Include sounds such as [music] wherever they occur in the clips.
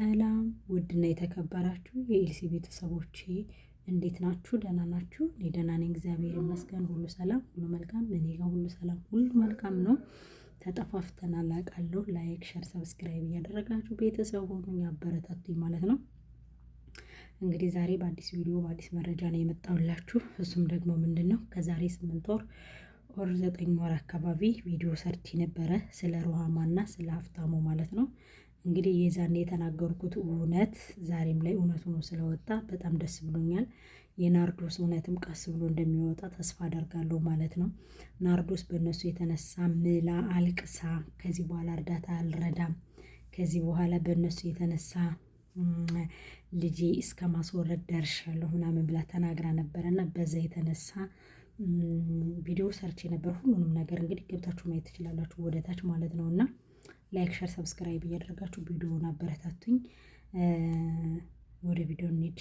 ሰላም ውድና የተከበራችሁ የኤልሲ ቤተሰቦቼ እንዴት ናችሁ? ደህና ናችሁ? እኔ ደህና ነኝ፣ እግዚአብሔር ይመስገን። ሁሉ ሰላም፣ ሁሉ መልካም። እኔ ጋር ሁሉ ሰላም፣ ሁሉ መልካም ነው። ተጠፋፍተን አላውቃለሁ። ላይክ፣ ሸር፣ ሰብስክራይብ እያደረጋችሁ ቤተሰብ ሆኑ ያበረታቱኝ ማለት ነው። እንግዲህ ዛሬ በአዲስ ቪዲዮ በአዲስ መረጃ ነው የመጣሁላችሁ። እሱም ደግሞ ምንድን ነው ከዛሬ ስምንት ወር ኦር ዘጠኝ ወር አካባቢ ቪዲዮ ሰርቲ ነበረ ስለ ሩሃማና ስለ ሀፍታሙ ማለት ነው እንግዲህ የዛኔ የተናገርኩት እውነት ዛሬም ላይ እውነት ሆኖ ስለወጣ በጣም ደስ ብሎኛል። የናርዶስ እውነትም ቀስ ብሎ እንደሚወጣ ተስፋ አደርጋለሁ ማለት ነው። ናርዶስ በእነሱ የተነሳ ምላ አልቅሳ ከዚህ በኋላ እርዳታ አልረዳም፣ ከዚህ በኋላ በእነሱ የተነሳ ልጄ እስከ ማስወረድ ደርሻለሁ ምናምን ብላ ተናግራ ነበረና በዛ የተነሳ ቪዲዮ ሰርቼ ነበር። ሁሉንም ነገር እንግዲህ ገብታችሁ ማየት ትችላላችሁ ወደታች ማለት ነው እና ላይክ፣ ሸር፣ ሰብስክራይብ እያደረጋችሁ ቪዲዮውን አበረታቱኝ። ወደ ቪዲዮ እንሂድ፣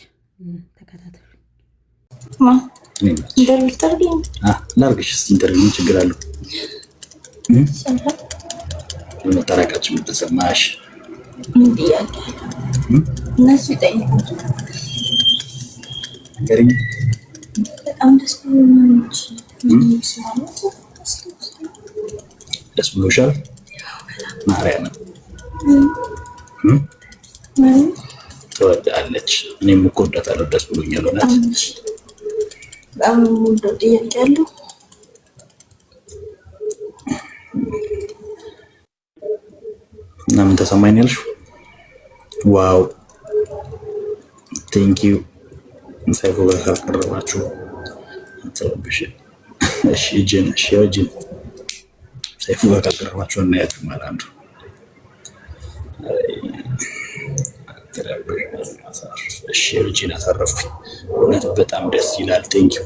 ተከታተሉ። ኢንተርቪው ችግር በመጠራቃችን የምትሰማሽ እነሱ ይጠይቁ በጣም ደስ ብሎ ደስ ብሎሻል። ማርያምን ትወዳለች። እኔም እኮ ወዳታለሁ። ደስ ብሎኛል። እውነት በጣም ወደው ጥያቄ አለው እና ምን ተሰማኝ ነው ያልሽው? ዋው ቴንክ ዩ ሳይኮ ጋር ካልቀረባችሁ ተረብሽ እሺ እጅን እሺ እጅን ሰይፉ በቀረባቸው እና ያድማል አንዱ እሺ ልጅን አሳረፍኩኝ። እውነት በጣም ደስ ይላል። ቴንኪው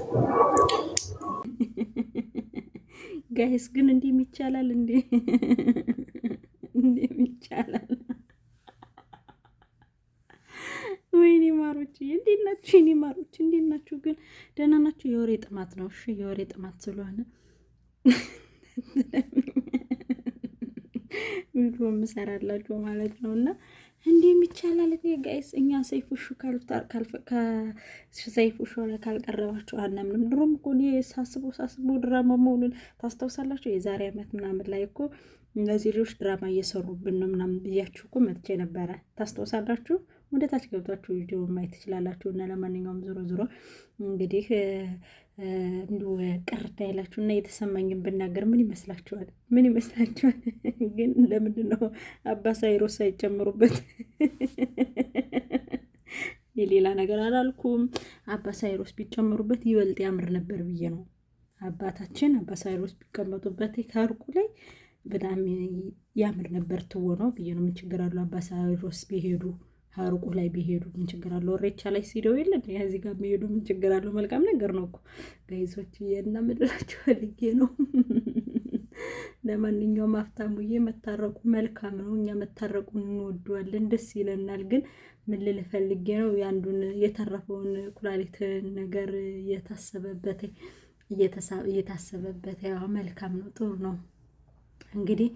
ጋይስ። ግን እንዲህም ይቻላል እንዴ? እንዲህም ይቻላል። ወይኔ ማሮች እንዴት ናችሁ? የኔ ማሮች እንዴት ናችሁ? ግን ደህና ናችሁ? የወሬ ጥማት ነው። እሺ የወሬ ጥማት ስለሆነ [laughs] ምግብ የምሰራላችሁ ማለት ነው። እና እንዲህም ይቻላል ጋይስ። እኛ ሰይፉ ሹ ሰይፉ ሾ ላይ ካልቀረባችሁ አናምንም። ድሮም እኮ ሳስቦ ሳስቦ ድራማ መሆኑን ታስታውሳላችሁ። የዛሬ ዓመት ምናምን ላይ እኮ እነዚህ ልጆች ድራማ እየሰሩብን ነው ምናምን ብያችሁ እኮ መጥቼ ነበረ። ታስታውሳላችሁ። ወደ ታች ገብታችሁ ቪዲዮ ማየት ትችላላችሁ። እና ለማንኛውም ዞሮ ዞሮ እንግዲህ እንዲሁ ቅርታ ያላችሁ እና የተሰማኝን ብናገር ምን ይመስላችኋል? ምን ይመስላችኋል? [laughs] ግን ለምንድን ነው አባ ሳይሮስ ሳይጨምሩበት? [laughs] የሌላ ነገር አላልኩም። አባ ሳይሮስ ቢጨምሩበት ይበልጥ ያምር ነበር ብዬ ነው። አባታችን አባ ሳይሮስ ቢቀመጡበት ከእርቁ ላይ በጣም ያምር ነበር ነው ብዬ ነው። ምን ችግር አለው አባ ሳይሮስ ቢሄዱ? ሀሩቁ ላይ ቢሄዱ ምን ችግር አለው? እሬቻ ላይ ሲደው የለን እዚህ ጋር ቢሄዱ ምን ችግር አለው? መልካም ነገር ነው እኮ ጋይዞች፣ እና ምድራቸው ልጌ ነው። ለማንኛውም ሀብታሙዬ መታረቁ መልካም ነው። እኛ መታረቁ እንወደዋለን፣ ደስ ይለናል። ግን ምን ልል ፈልጌ ነው የአንዱን የተረፈውን ኩላሊት ነገር የታሰበበት እየታሰበበት ያው መልካም ነው፣ ጥሩ ነው። እንግዲህ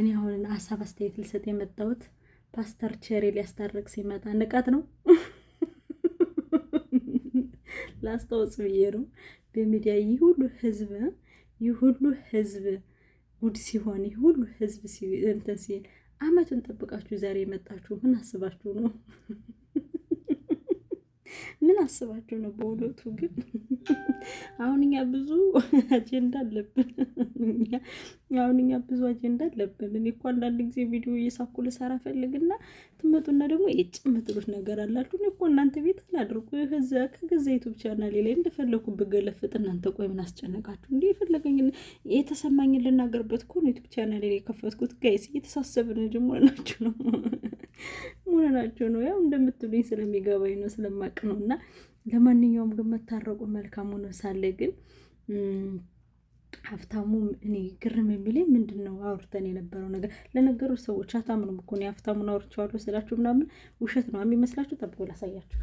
እኔ አሁን ሀሳብ አስተያየት ልሰጥ የመጣሁት ፓስተር ቸሪ ሊያስታርቅ ሲመጣ ንቀት ነው። ላስታውስ ብዬ ነው። በሚዲያ ይህ ሁሉ ህዝብ ይህ ሁሉ ህዝብ ጉድ ሲሆን ይህ ሁሉ ህዝብ እንትን ሲል አመቱን ጠብቃችሁ ዛሬ የመጣችሁ ምን አስባችሁ ነው? ምን አስባችሁ ነው? በሁለቱ ግን አሁን እኛ ብዙ አጀንዳ አለብን። አሁን እኛ ብዙ አጀንዳ አለብን። እኔ እኮ አንዳንድ ጊዜ ቪዲዮ እየሳኩ ልሰራ ፈልግና ትመጡና ደግሞ የጭ የምትሉት ነገር አላችሁ። እኔ እኮ እናንተ ቤት አላድርጉ ከዛ ከገዛ ዩቱብ ቻናሌ ላይ እንደፈለግኩ ብገለፍጥ እናንተ ቆይ ምን አስጨነቃችሁ? እንዲ የፈለገኝ የተሰማኝን ልናገርበት እኮ ዩቱብ ቻናሌ ላይ የከፈትኩት። ጋይስ እየተሳሰብን እንጂ መሆናችሁ ነው መሆናችሁ ነው። ያው እንደምትሉኝ ስለሚገባኝ ነው ስለማቅ ነው እና ለማንኛውም ግን መታረቁ መልካም ሆኖ ሳለ ግን ሀብታሙ እኔ ግርም የሚለኝ ምንድን ነው አውርተን የነበረው ነገር ለነገሩ ሰዎች ሀብታሙ ነው እኮ እኔ ሀብታሙን አውርቼዋለሁ ስላችሁ ምናምን ውሸት ነው የሚመስላችሁ ጠብቆ ላሳያችሁ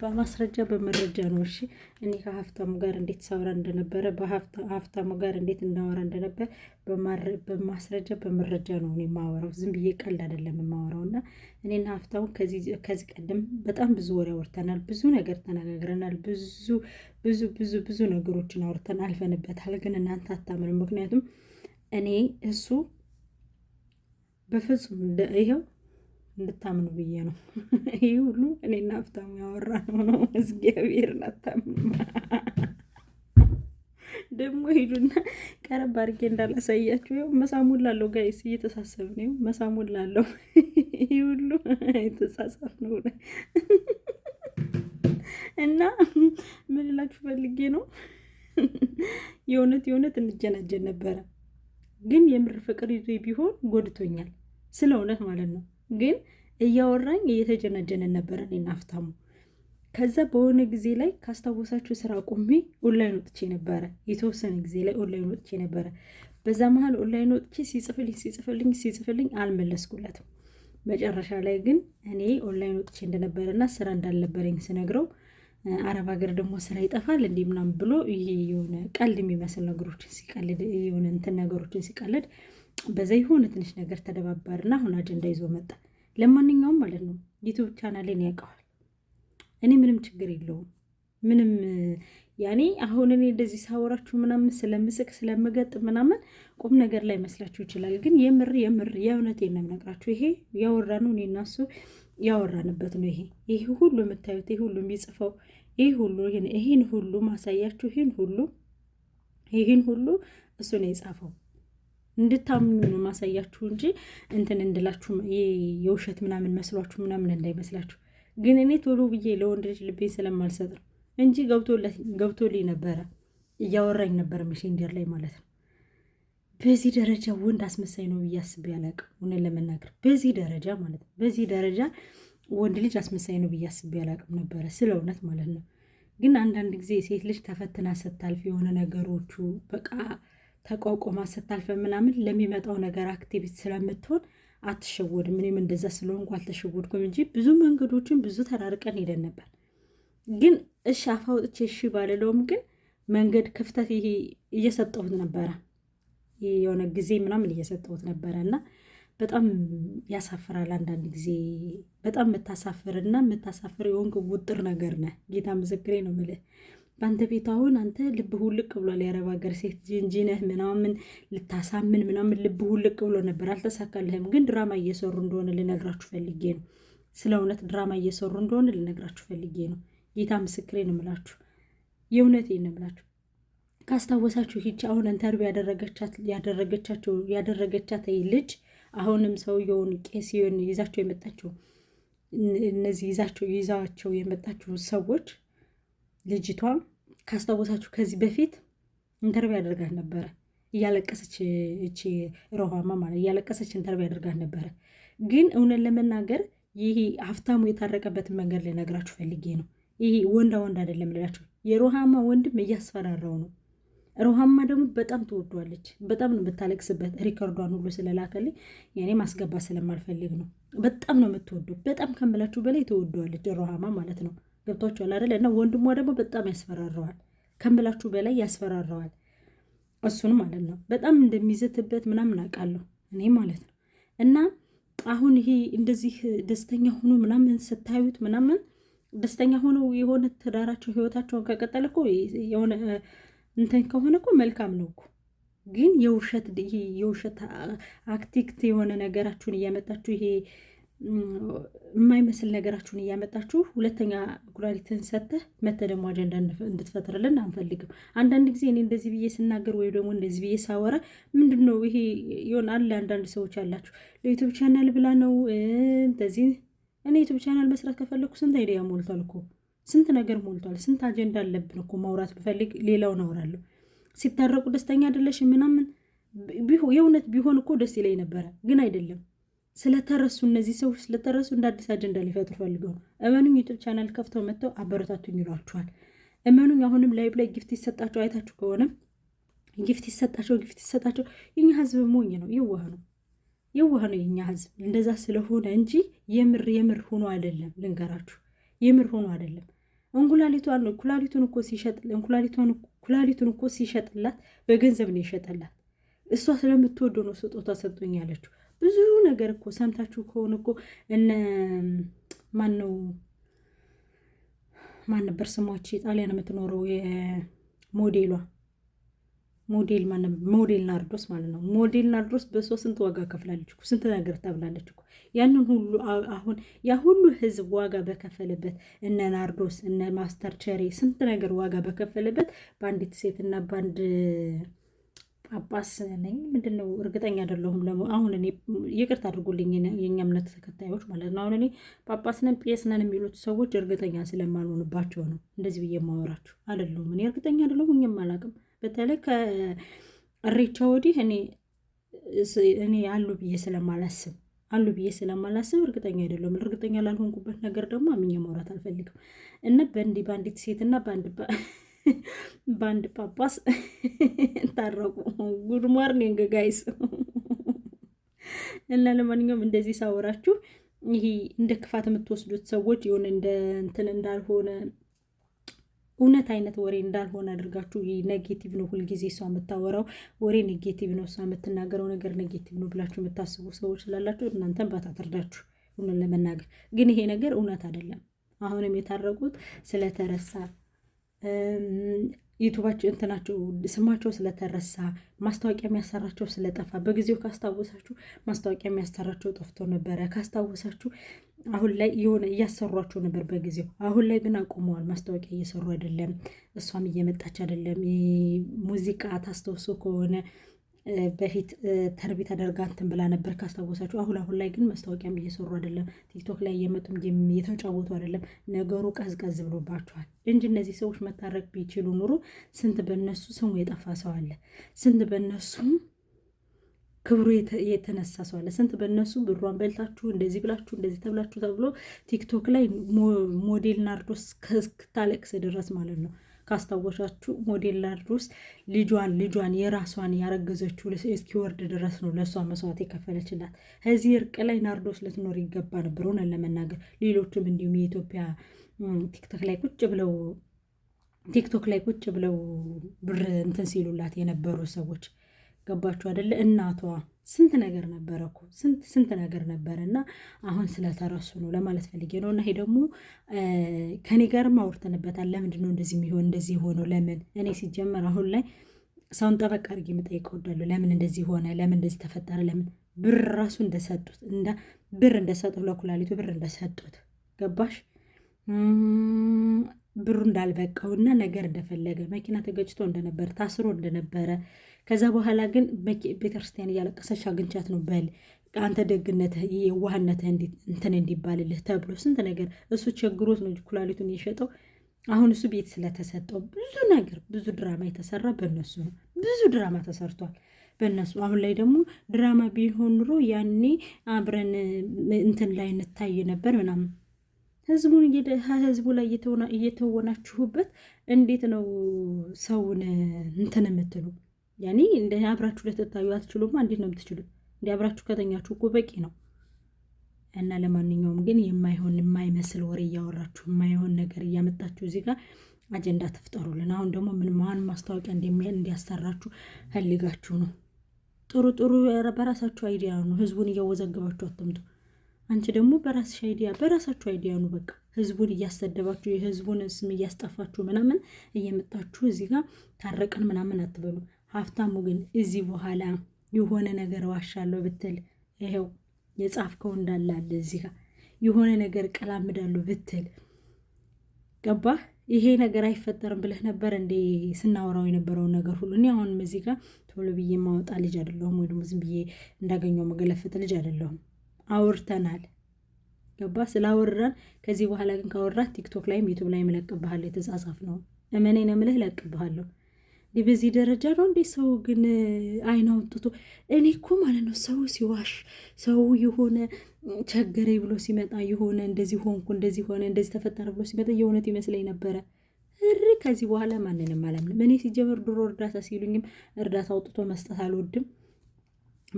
በማስረጃ በመረጃ ነው። እሺ እኔ ከሀብታሙ ጋር እንዴት ሳውራ እንደነበረ በሀብታሙ ጋር እንዴት እንዳወራ እንደነበር በማስረጃ በመረጃ ነው እኔ የማወራው። ዝም ብዬ ቀልድ አይደለም የማወራው። እና እኔና ሀብታሙ ከዚህ ቀደም በጣም ብዙ ወሬ አውርተናል፣ ብዙ ነገር ተነጋግረናል፣ ብዙ ብዙ ብዙ ብዙ ነገሮችን አውርተን አልፈንበታል። ግን እናንተ አታምንም። ምክንያቱም እኔ እሱ በፍጹም ይኸው እንድታምኑ ብዬ ነው። ይህ ሁሉ እኔና ሀብታሙ ያወራ ነው ነው እግዚአብሔርን አታምኑ። ደግሞ ሂዱና ቀረብ አድርጌ እንዳላሳያችሁ ው መሳሙን ጋይስ እየተሳሰብ ነው። መሳሙን ይህ ሁሉ የተሳሳፍ ነው እና ምን ፈልጌ ነው የእውነት የእውነት እንጀናጀን ነበረ፣ ግን የምር ፍቅር ይዞ ቢሆን ጎድቶኛል። ስለ እውነት ማለት ነው ግን እያወራኝ እየተጀነጀነን ነበረ እኔና ሀብታሙ። ከዛ በሆነ ጊዜ ላይ ካስታወሳችሁ ስራ ቁሜ ኦንላይን ወጥቼ ነበረ። የተወሰነ ጊዜ ላይ ኦንላይን ወጥቼ ነበረ። በዛ መሀል ኦንላይን ወጥቼ ሲጽፍልኝ ሲጽፍልኝ ሲጽፍልኝ አልመለስኩለትም። መጨረሻ ላይ ግን እኔ ኦንላይን ወጥቼ እንደነበረና ስራ እንዳልነበረኝ ስነግረው አረብ ሀገር ደግሞ ስራ ይጠፋል እንዲህ ምናምን ብሎ ይሄ የሆነ ቀልድ የሚመስል ነገሮችን ሲቀልድ የሆነ እንትን ነገሮችን ሲቀልድ በዛ የሆነ ትንሽ ነገር ተደባበርና አሁን አጀንዳ ይዞ መጣ። ለማንኛውም ማለት ነው ዩቱብ ቻናሌን ያውቀዋል። እኔ ምንም ችግር የለውም ምንም ያኔ አሁን እኔ እንደዚህ ሳወራችሁ ምናምን ስለምስቅ ስለምገጥ ምናምን ቁም ነገር ላይ መስላችሁ ይችላል። ግን የምር የምር የእውነት ነው የምነግራችሁ። ይሄ ያወራ ነው እኔ እና እሱ ያወራንበት ነው። ይሄ ይሄ ሁሉ የምታዩት ይሄ ሁሉ የሚጽፈው ይህ ሁሉ ይህን ሁሉ ማሳያችሁ ይህን ሁሉ ይህን ሁሉ እሱ ነው የጻፈው። እንድታምኑ ነው ማሳያችሁ እንጂ እንትን እንድላችሁ የውሸት ምናምን መስሏችሁ ምናምን እንዳይመስላችሁ። ግን እኔ ቶሎ ብዬ ለወንድ ልጅ ልቤን ስለማልሰጥ ነው እንጂ ገብቶልኝ ነበረ። እያወራኝ ነበረ መሴንጀር ላይ ማለት ነው። በዚህ ደረጃ ወንድ አስመሳይ ነው ብዬ አስቤ አላቅም። እውነት ለመናገር በዚህ ደረጃ ማለት ነው፣ በዚህ ደረጃ ወንድ ልጅ አስመሳይ ነው ብዬ አስቤ አላቅም ነበረ፣ ስለ እውነት ማለት ነው። ግን አንዳንድ ጊዜ ሴት ልጅ ተፈትና ስታልፍ የሆነ ነገሮቹ በቃ ተቋቁማ ስታልፈ ምናምን ለሚመጣው ነገር አክቲቪቲ ስለምትሆን አትሸወድም። እኔም እንደዛ ስለሆንኩ አልተሸወድኩም እንጂ ብዙ መንገዶችን ብዙ ተራርቀን ሄደን ነበር። ግን እሺ አፍ አውጥቼ እሺ ባልለውም ግን መንገድ ክፍተት ይሄ እየሰጠሁት ነበረ፣ የሆነ ጊዜ ምናምን እየሰጠሁት ነበረ እና በጣም ያሳፍራል። አንዳንድ ጊዜ በጣም ምታሳፍርና የምታሳፍር የሆንክ ውጥር ነገር ነህ። ጌታ ምስክሬ ነው የምልህ በአንተ ቤት አሁን አንተ ልብ ሁልቅ ብሏል። የአረብ ሀገር ሴት ጅንጂነህ ምናምን ልታሳምን ምናምን ልብ ሁልቅ ብሎ ነበር፣ አልተሳካልህም። ግን ድራማ እየሰሩ እንደሆነ ልነግራችሁ ፈልጌ ነው። ስለ እውነት ድራማ እየሰሩ እንደሆነ ልነግራችሁ ፈልጌ ነው። ጌታ ምስክሬ ነው የምላችሁ፣ የእውነት ነው የምላችሁ። ካስታወሳችሁ ሂች አሁን ኢንተርቪው ያደረገቻቸው ያደረገቻት ልጅ አሁንም ሰውየውን ቄስዮን ይዛቸው የመጣችው እነዚህ ይዛቸው ይዛቸው የመጣችው ሰዎች ልጅቷ ካስታወሳችሁ ከዚህ በፊት ኢንተርቪው ያደርጋት ነበረ እያለቀሰች እቺ ሮሃማ ማለት እያለቀሰች ኢንተርቪው ያደርጋት ነበረ። ግን እውነት ለመናገር ይሄ ሀብታሙ የታረቀበትን መንገድ ልነግራችሁ ፈልጌ ነው። ይሄ ወንዳ ወንድ አይደለም ልላችሁ፣ የሮሃማ ወንድም እያስፈራራው ነው። ሮሃማ ደግሞ በጣም ትወዷለች። በጣም ነው የምታለቅስበት። ሪከርዷን ሁሉ ስለላከልኝ የኔ ማስገባት ስለማልፈልግ ነው። በጣም ነው የምትወዱ። በጣም ከምላችሁ በላይ ትወዷለች ሮሃማ ማለት ነው። ገብቷችኋል አይደል? እና ወንድሟ ደግሞ በጣም ያስፈራረዋል፣ ከምላችሁ በላይ ያስፈራረዋል። እሱንም ማለት ነው በጣም እንደሚዘትበት ምናምን አውቃለሁ እኔ ማለት ነው። እና አሁን ይሄ እንደዚህ ደስተኛ ሆኖ ምናምን ስታዩት ምናምን ደስተኛ ሆኖ የሆነ ትዳራቸው ህይወታቸውን ከቀጠለ እኮ የሆነ እንትን ከሆነ እኮ መልካም ነው እኮ ግን የውሸት የውሸት አክቲክት የሆነ ነገራችሁን እያመጣችሁ ይሄ የማይመስል ነገራችሁን እያመጣችሁ ሁለተኛ ኩላሊትን ሰጥተህ መተ ደግሞ አጀንዳ እንድትፈጥርልን አንፈልግም። አንዳንድ ጊዜ እኔ እንደዚህ ብዬ ስናገር ወይ ደግሞ እንደዚህ ብዬ ሳወራ ምንድን ነው ይሄ ይሆን አለ። አንዳንድ ሰዎች አላችሁ ለዩቱብ ቻናል ብላ ነው እንደዚህ። እኔ ዩቱብ ቻናል መስራት ከፈለግኩ ስንት አይዲያ ሞልቷል እኮ ስንት ነገር ሞልቷል። ስንት አጀንዳ አለብን እኮ ማውራት ብፈልግ ሌላውን አውራለሁ ሲታረቁ ደስተኛ አይደለሽ ምናምን የእውነት ቢሆን እኮ ደስ ይለኝ ነበረ፣ ግን አይደለም ስለተረሱ እነዚህ ሰዎች ስለተረሱ እንደ አዲስ አጀንዳ ሊፈጥሩ ፈልገው እመኑኝ፣ ዩቱብ ቻናል ከፍተው መጥተው አበረታቱኝ ይሏቸዋል። እመኑኝ፣ አሁንም ላይብ ላይ ጊፍት ይሰጣቸው። አይታችሁ ከሆነ ጊፍት ይሰጣቸው፣ ጊፍት ይሰጣቸው። የኛ ህዝብ ሞኝ ነው፣ የዋህ ነው፣ የዋህ ነው የኛ ህዝብ። እንደዛ ስለሆነ እንጂ የምር የምር ሆኖ አይደለም። ልንገራችሁ፣ የምር ሆኖ አይደለም። እንኩላሊቷን ኩላሊቱን እኮ ሲሸጥ ኩላሊቱን እኮ ሲሸጥላት በገንዘብ ነው ይሸጠላት። እሷ ስለምትወደው ነው ስጦታ ሰጡኝ ያለችው። ብዙ ነገር እኮ ሰምታችሁ ከሆነ እኮ እነ ማን ነው ማን ነበር ስሟች የጣሊያን የምትኖረው የሞዴሏ ሞዴል ሞዴል ናርዶስ ማለት ነው። ሞዴል ናርዶስ በእሷ ስንት ዋጋ ከፍላለች እኮ ስንት ነገር ተብላለች እኮ ያንን ሁሉ አሁን ያ ሁሉ ህዝብ ዋጋ በከፈለበት እነ ናርዶስ እነ ማስተር ቸሬ ስንት ነገር ዋጋ በከፈለበት በአንዲት ሴትና በአንድ ጳጳስ ነኝ ምንድን ነው እርግጠኛ አይደለሁም። አሁን እኔ ይቅርታ አድርጉልኝ የኛ እምነት ተከታዮች ማለት ነው። አሁን እኔ ጳጳስ ነን ጴስ ነን የሚሉት ሰዎች እርግጠኛ ስለማልሆንባቸው ነው እንደዚህ ብዬ ማወራቸው አይደለሁም። እኔ እርግጠኛ አይደለሁም፣ እኛም አላውቅም። በተለይ ከእሬቻ ወዲህ እኔ እኔ አሉ ብዬ ስለማላስብ አሉ ብዬ ስለማላስብ እርግጠኛ አይደለሁም። እርግጠኛ ላልሆንኩበት ነገር ደግሞ አምኜ ማውራት አልፈልግም እና በእንዲህ በአንዲት ሴትና በአንድ በአንድ ጳጳስ ታረቁ። ጉድ ሞርኒንግ ጋይስ። እና ለማንኛውም እንደዚህ ሳወራችሁ ይሄ እንደ ክፋት የምትወስዱት ሰዎች የሆነ እንደ እንትን እንዳልሆነ እውነት አይነት ወሬ እንዳልሆነ አድርጋችሁ ይሄ ኔጌቲቭ ነው፣ ሁልጊዜ እሷ የምታወራው ወሬ ኔጌቲቭ ነው፣ እሷ የምትናገረው ነገር ኔጌቲቭ ነው ብላችሁ የምታስቡ ሰዎች ስላላችሁ እናንተን ባታተርዳችሁ። እውነት ለመናገር ግን ይሄ ነገር እውነት አይደለም። አሁንም የታረቁት ስለተረሳ ዩቱባቸው እንትናቸው ስማቸው ስለተረሳ ማስታወቂያ የሚያሰራቸው ስለጠፋ፣ በጊዜው ካስታወሳችሁ ማስታወቂያ የሚያሰራቸው ጠፍቶ ነበረ። ካስታወሳችሁ አሁን ላይ የሆነ እያሰሯቸው ነበር በጊዜው። አሁን ላይ ግን አቁመዋል። ማስታወቂያ እየሰሩ አይደለም። እሷም እየመጣች አይደለም። ሙዚቃ ታስታውሶ ከሆነ በፊት ተርቢ ተደርጋ እንትን ብላ ነበር ካስታወሳችሁ። አሁን አሁን ላይ ግን መስታወቂያም እየሰሩ አይደለም፣ ቲክቶክ ላይ እየመጡም እየተጫወቱ አይደለም። ነገሩ ቀዝቀዝ ብሎባቸዋል እንጂ እነዚህ ሰዎች መታረቅ ቢችሉ ኑሮ ስንት በነሱ ስሙ የጠፋ ሰው አለ፣ ስንት በነሱ ክብሩ የተነሳ ሰው አለ፣ ስንት በነሱ ብሯን በልታችሁ እንደዚህ ብላችሁ እንደዚህ ተብላችሁ ተብሎ ቲክቶክ ላይ ሞዴል ናርዶስ እስክታለቅስ ድረስ ማለት ነው ካስታወሻችሁ ሞዴል ላድሩስ ልጇን ልጇን የራሷን ያረገዘችው እስኪወርድ ድረስ ነው ለእሷ መስዋዕት የከፈለችላት። ከዚህ እርቅ ላይ ናርዶስ ልትኖር ይገባ ነበር ሆነን ለመናገር ሌሎችም እንዲሁም የኢትዮጵያ ቲክቶክ ላይ ቁጭ ብለው ቲክቶክ ላይ ቁጭ ብለው ብር እንትን ሲሉላት የነበሩ ሰዎች ገባችሁ አደለ እናቷ ስንት ነገር ነበረ እኮ ስንት ስንት ነገር ነበረ እና አሁን ስለተረሱ ነው ለማለት ፈልጌ ነው። እና ይሄ ደግሞ ከኔ ጋርም አውርተንበታል። ለምንድን ነው እንደዚህ የሚሆን እንደዚህ የሆነው ለምን? እኔ ሲጀመር አሁን ላይ ሰውን ጠበቅ አድርጌ መጠየቅ እወዳለሁ። ለምን እንደዚህ ሆነ? ለምን እንደዚህ ተፈጠረ? ለምን ብር ራሱ እንደሰጡት ብር እንደሰጡት ለኩላሊቱ ብር እንደሰጡት ገባሽ ብሩ እና ነገር እንደፈለገ መኪና ተገጭቶ እንደነበረ ታስሮ እንደነበረ ከዛ በኋላ ግን ቤተክርስቲያን እያለቀሰች አግኝቻት ነው በል አንተ ደግነትህ የዋህነትህ እንትን እንዲባልልህ ተብሎ ስንት ነገር እሱ ቸግሮት ነው ኩላሊቱን የሸጠው። አሁን እሱ ቤት ስለተሰጠው ብዙ ነገር ብዙ ድራማ የተሰራ በእነሱ ነው። ብዙ ድራማ ተሰርቷል በእነሱ። አሁን ላይ ደግሞ ድራማ ቢሆን ኑሮ ያኔ አብረን እንትን ላይ እንታይ ነበር ምናምን ህዝቡን ህዝቡ ላይ እየተወናችሁበት እንዴት ነው ሰውን እንትን የምትሉ? ያኔ እንደ አብራችሁ ለተታዩ አትችሉማ። እንዴት ነው የምትችሉ? እንዲ አብራችሁ ከተኛችሁ እኮ በቂ ነው። እና ለማንኛውም ግን የማይሆን የማይመስል ወሬ እያወራችሁ የማይሆን ነገር እያመጣችሁ እዚህ ጋር አጀንዳ ትፍጠሩልን። አሁን ደግሞ ምን ማን ማስታወቂያ እንደሚያል እንዲያሰራችሁ ፈልጋችሁ ነው። ጥሩ ጥሩ በራሳችሁ አይዲያ ነው። ህዝቡን እያወዘግባችሁ አትምጡ። አንቺ ደግሞ በራስሽ አይዲያ በራሳችሁ አይዲያ ነው በቃ ህዝቡን እያሰደባችሁ የህዝቡን ስም እያስጠፋችሁ ምናምን እየመጣችሁ እዚህ ጋር ታረቅን ምናምን አትበሉ። ሀብታሙ ግን እዚህ በኋላ የሆነ ነገር ዋሻለሁ ብትል ይኸው የጻፍከው እንዳላለ አለ እዚህ ጋር የሆነ ነገር ቀላምዳለሁ ብትል ገባህ? ይሄ ነገር አይፈጠርም ብለህ ነበር እንዴ ስናወራው የነበረውን ነገር ሁሉ። እኔ አሁንም እዚህ ጋር ቶሎ ብዬ ማወጣ ልጅ አይደለሁም፣ ወይ ደግሞ ዝም ብዬ እንዳገኘው መገለፈጥ ልጅ አይደለሁም። አውርተናል። ገባ ስላወራን ከዚህ በኋላ ግን ካወራት ቲክቶክ ላይም ዩቱብ ላይም እለቅብሃለሁ። የተጻጻፍ ነው እመኔን እምልህ እለቅብሃለሁ። እንዲህ በዚህ ደረጃ ነው እንዴ ሰው ግን አይን አውጥቶ? እኔ እኮ ማለት ነው ሰው ሲዋሽ፣ ሰው የሆነ ቸገሬ ብሎ ሲመጣ የሆነ እንደዚህ ሆንኩ እንደዚህ ሆነ እንደዚህ ተፈጠረ ብሎ ሲመጣ የእውነት ይመስለኝ ነበረ። እሪ ከዚህ በኋላ ማንንም አላምንም። እኔ ሲጀምር ድሮ እርዳታ ሲሉኝም እርዳታ አውጥቶ መስጠት አልወድም።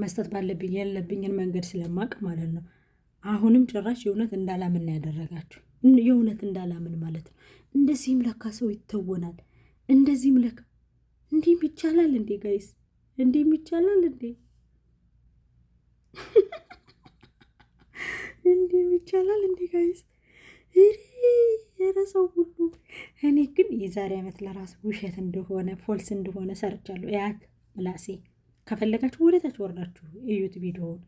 መስጠት ባለብኝ ያለብኝን መንገድ ስለማቅ ማለት ነው። አሁንም ጭራሽ የእውነት እንዳላምን ያደረጋችሁ። የእውነት እንዳላምን ማለት ነው። እንደዚህም ለካ ሰው ይተወናል። እንደዚህም ለካ እንዲህም ይቻላል እንዴ? ጋይስ እንዲህም ይቻላል እንዴ? [laughs] እንዲህም ይቻላል እንዴ? ጋይስ የረሰው ሁሉ እኔ ግን የዛሬ ዓመት ለራሱ ውሸት እንደሆነ ፎልስ እንደሆነ ሰርቻለሁ። ያክ ምላሴ ከፈለጋችሁ ወደታች ወርዳችሁ እዩት ቪዲዮውን።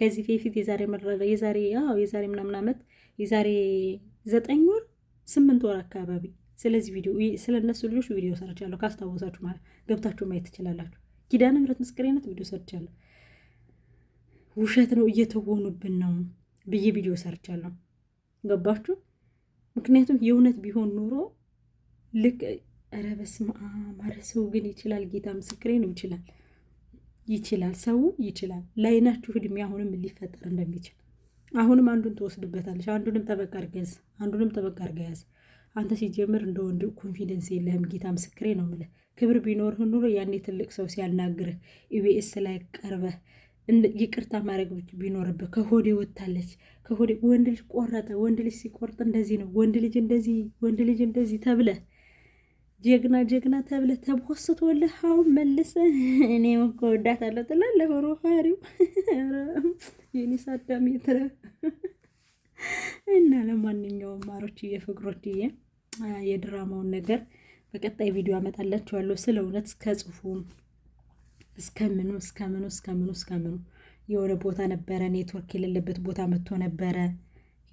ከዚህ በፊት የዛሬ መረዳ የዛሬ ያው የዛሬ ምናምን ዓመት የዛሬ ዘጠኝ ወር ስምንት ወር አካባቢ ስለዚህ ቪዲዮ ስለነሱ ልጆች ቪዲዮ ሰርቻለሁ። ካስታወሳችሁ ማለት ገብታችሁ ማየት ትችላላችሁ። ኪዳነ ምሕረት ምስክሬነት ቪዲዮ ሰርቻለሁ። ውሸት ነው እየተወኑብን ነው ብዬ ቪዲዮ ሰርቻለሁ። ገባችሁ? ምክንያቱም የእውነት ቢሆን ኑሮ ልክ ኧረ በስመ አብ! ኧረ ሰው ግን ይችላል። ጌታ ምስክሬ ነው ይችላል። ይችላል፣ ሰው ይችላል። ለአይናችሁ ዕድሜ አሁንም ሊፈጠር እንደሚችል አሁንም አንዱን ትወስድበታለች፣ አንዱንም ጠበቅ አድርገህ ያዝ፣ አንዱንም ጠበቅ አድርገህ አንተ ሲጀምር እንደ ወንድ ኮንፊደንስ የለህም። ጌታ ምስክሬ ነው ምለ ክብር ቢኖርህ ኑሮ ያኔ ትልቅ ሰው ሲያናግርህ ኢቢኤስ ላይ ቀርበህ ይቅርታ ማድረግ ቢኖርብህ ከሆዴ ወታለች ከሆዴ ወንድ ልጅ ቆረጠ፣ ወንድ ልጅ ሲቆርጥ እንደዚህ ነው፣ ወንድ ልጅ እንደዚህ፣ ወንድ ልጅ እንደዚህ ተብለህ ጀግና ጀግና ተብለህ ወለ አሁን መልሰ እኔ እኮ ወዳታለሁ ትላለህ። ሆሮ የኔ ሳዳም የትረ እና ለማንኛውም ማሮች የፍቅሮች የድራማውን ነገር በቀጣይ ቪዲዮ አመጣላችኋለሁ። ስለ እውነት እስከ ጽሁፉም እስከምኑ እስከምኑ እስከምኑ እስከምኑ የሆነ ቦታ ነበረ ኔትወርክ የሌለበት ቦታ መጥቶ ነበረ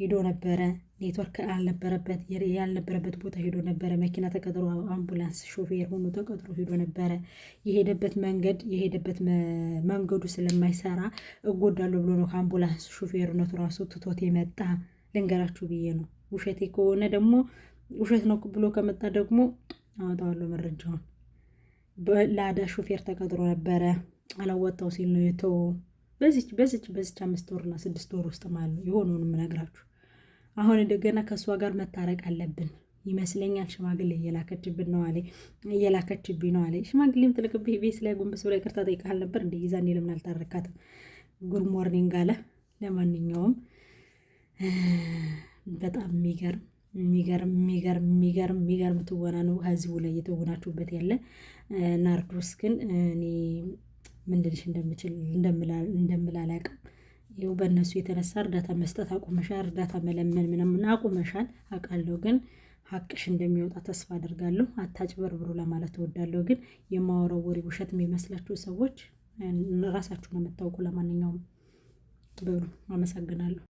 ሄዶ ነበረ። ኔትወርክ አልነበረበት ያልነበረበት ቦታ ሄዶ ነበረ። መኪና ተቀጥሮ አምቡላንስ ሾፌር ሆኖ ተቀጥሮ ሄዶ ነበረ። የሄደበት መንገድ የሄደበት መንገዱ ስለማይሰራ እጎዳለሁ ብሎ ነው ከአምቡላንስ ሾፌርነቱ ራሱ ትቶት የመጣ ልንገራችሁ ብዬ ነው። ውሸቴ ከሆነ ደግሞ ውሸት ነው ብሎ ከመጣ ደግሞ አወጣዋለሁ መረጃውን። ላዳ ሾፌር ተቀጥሮ ነበረ። አላወጣው ሲል ነው የተወው። በዚች በዚች በዚች አምስት ወርና ስድስት ወር ውስጥ ማለት ነው የሆነውን የምነግራችሁ አሁን እንደገና ከእሷ ጋር መታረቅ አለብን ይመስለኛል። ሽማግሌ እየላከችብን ነው አለ እየላከችብኝ ነው አለ። ሽማግሌም ትልቅብህ ቤት ላይ ጉንብስ ብላ ይቅርታ ጠይቃል ነበር እንደ ይዛኔ ለምን አልታረካትም? ጉድ ሞርኒንግ አለ። ለማንኛውም በጣም የሚገርም የሚገርም የሚገርም የሚገርም የሚገርም ትወና ነው ህዝቡ ላይ እየተወናችሁበት ያለ። ናርዶስ ግን እኔ ምንድንሽ እንደምችል እንደምላላቅም ይኸው በእነሱ የተነሳ እርዳታ መስጠት አቁመሻል፣ እርዳታ መለመን ምናምን አቁመሻል አውቃለሁ፣ ግን ሀቅሽ እንደሚወጣ ተስፋ አድርጋለሁ። አታጭበርብሩ ለማለት እወዳለሁ። ግን የማወራው ወሬ ውሸት የሚመስላችሁ ሰዎች ራሳችሁ ነው የምታውቁ። ለማንኛውም በሉ አመሰግናለሁ።